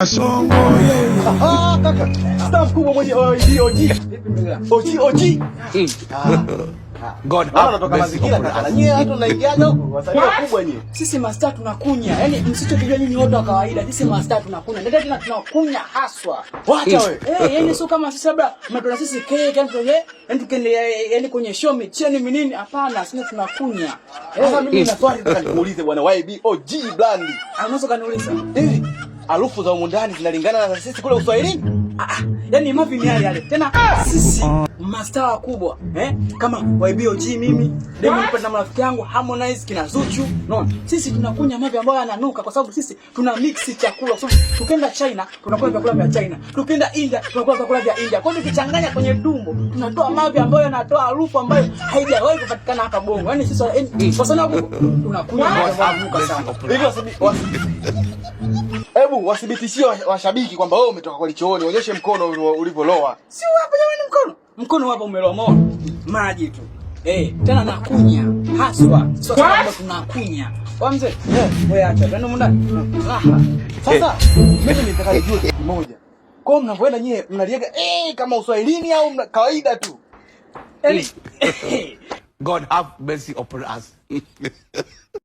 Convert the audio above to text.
Songo ah, kaka staff kubwa mwenye OG OG OG OG God anatoka mazingira kaka, nyie watu mnaingiaje huko? Wasanii kubwa nyie. Sisi masta tunakunya, yani msichokijua nyinyi watu wa kawaida. Sisi masta tunakunya, ndio tena tunakunya haswa. Wacha eh, wewe eh, yani sio kama sisi labda mnatona sisi keki, yani tuende yani tukende yani kwenye show micheni minini. Hapana, sisi tunakunya. Sasa eh. mimi nina swali nataka nikuulize bwana YB OG Blandi, unaweza kaniuliza hivi harufu za umundani zinalingana na sisi kule Uswahilini. Ah, ah. yani mavi ni yale yale tena Ah, sisi mastaa wakubwa eh? kama YBOG mimi demu na marafiki yangu Harmonize kina Zuchu no. Sisi tunakunya mavi ambayo yananuka kwa sababu sisi tuna mix chakula. So, tukienda China tunakula vyakula vya China, tukienda India tunakula vyakula vya India. Kwa hiyo tukichanganya kwenye dumbo tunatoa mavi ambayo yanatoa harufu ambayo haijawahi kupatikana hapa Bongo. Yani sisi kwa sababu tunakunywa mavi yananuka sana. hivyo Hebu wathibitishie washabiki kwamba wewe umetoka kwa lichooni onyeshe mkono ulivyoloa. Si hapa jamani, mkono mkono hapa umeloa moto maji tu eh, tena nakunya haswa, sio kwamba tunakunya kwa mzee eh, wewe acha ndio munda raha. Sasa eh. mimi nitaka nijue kitu kimoja, kwa hiyo mnavyoenda nyie mnaliaga eh kama uswahilini au kawaida tu yani? Eh. God have mercy upon us.